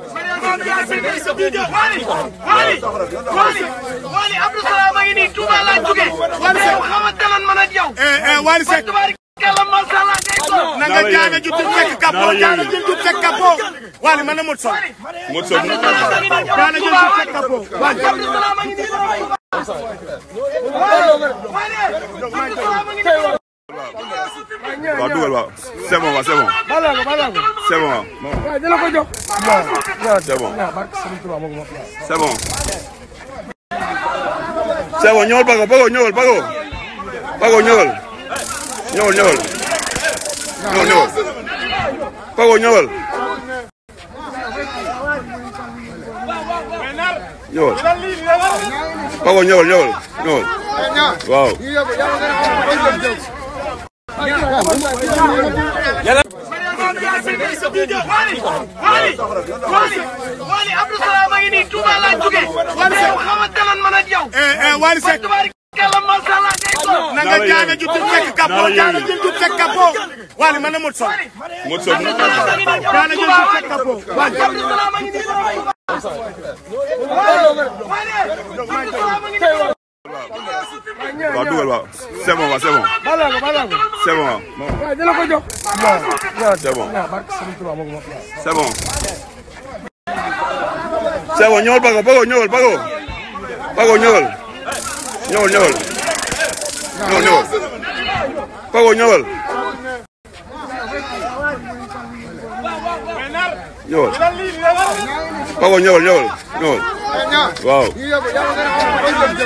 Wally Wally Wally Wally Abdou Salam a ngi nii Touba laa jugee. Wally yow xamante lan man ak yow. Wally na nga jaana ju tudd fekk kapoo jaana ju tudd fekk kapoo. Wally man la Modou Sow. Modou Sow jaana ju waaw dugal waaw c'est bon waaw c'est bon. balaa ko balaa ko. c'est bon waaw. waaw jëlee ko jox. waaw c'est bon. c'est bon. c'est bon ñëwal Bago Bago ñëwal Bago. Bago ñëwal. ñëwal ñëwal. ñëwal ñëwal. Bago ñëwal. ñëwal. Bago ñëwal ñëwal ñëwal. waaw. wali wali wali wali Abdou a nii Touba laa jógee mais xamante lan man ak yow. wali Seck tubaarkalla macha allah day ju tudd fekk kapoo jaana ju tudd fekk kapoo. wali man na Modou Sow. Modou Sow Abdou Salam a ngi nii ju tudd fekk kapoo. wali Abdou Salam a ngi waaw dugal waaw c'est bon bon. balaa bon waaw. bon. c'est bon. c'est bon ñëwal Bago Bago ñëwal Bago. Bago ñëwal. ñëwal ñëwal. ñëwal ñëwal. Bago ñëwal. ñëwal. Bago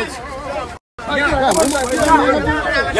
yàlla